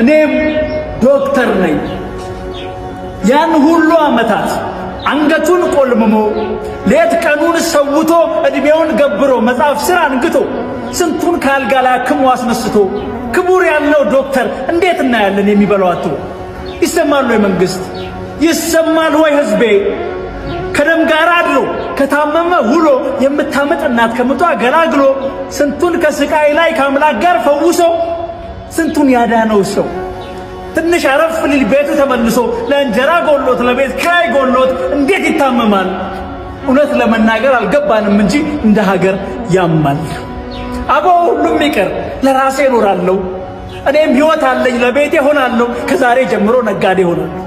እኔም ዶክተር ነኝ። ያን ሁሉ ዓመታት አንገቱን ቆልምሞ ሌት ቀኑን ሰውቶ ዕድሜውን ገብሮ መጽሐፍ ሥር አንግቶ ስንቱን ከአልጋ ላይ አክሞ አስነስቶ ክቡር ያለው ዶክተር እንዴት እናያለን? የሚበላው አጥቶ ይሰማል ወይ መንግሥት? ይሰማል ወይ ሕዝቤ? ከደም ጋር አድሮ ከታመመ ውሎ የምታምጥ እናት ከምጧ ገላግሎ ስንቱን ከስቃይ ላይ ከአምላክ ጋር ፈውሶ ስንቱን ያዳነው ሰው ትንሽ አረፍ ሊል ቤቱ ተመልሶ ለእንጀራ ጎሎት ለቤት ኪራይ ጎሎት እንዴት ይታመማል? እውነት ለመናገር አልገባንም እንጂ እንደ ሀገር ያማል። አበው ሁሉም ይቅር፣ ለራሴ እኖራለሁ፣ እኔም ህይወት አለኝ፣ ለቤቴ ሆናለሁ፣ ከዛሬ ጀምሮ ነጋዴ ሆናለሁ፣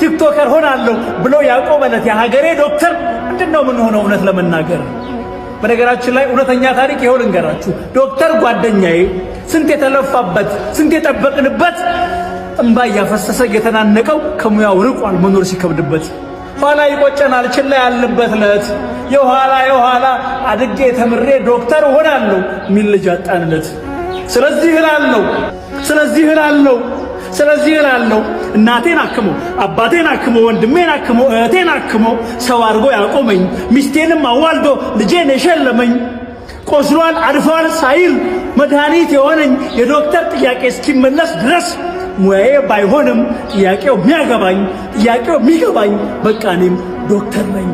ቲክቶከር ሆናለሁ ብሎ ያቆመለት የሀገሬ ዶክተር ምንድን ነው ምን ሆነው እውነት ለመናገር በነገራችን ላይ እውነተኛ ታሪክ ይሆን ልንገራችሁ። ዶክተር ጓደኛዬ ስንት የተለፋበት ስንት የጠበቅንበት እምባ እያፈሰሰ እየተናነቀው ከሙያው ርቋል መኖር ሲከብድበት። ኋላ ይቆጨናል ችላ ያለበት ዕለት የኋላ የኋላ አድጌ ተምሬ ዶክተር እሆናለሁ የሚል ልጅ አጣንለት። ስለዚህ እላለሁ ስለዚህ እላለሁ ስለዚህ እላለሁ እናቴን አክሞ አባቴን አክሞ ወንድሜን አክሞ እህቴን አክሞ ሰው አድርጎ ያቆመኝ ሚስቴንም አዋልዶ ልጄን የሸለመኝ ቆስሏል አድፏል ሳይል መድኃኒት የሆነኝ የዶክተር ጥያቄ እስኪመለስ ድረስ ሙያዬ ባይሆንም ጥያቄው የሚያገባኝ ጥያቄው የሚገባኝ በቃ እኔም ዶክተር ነኝ።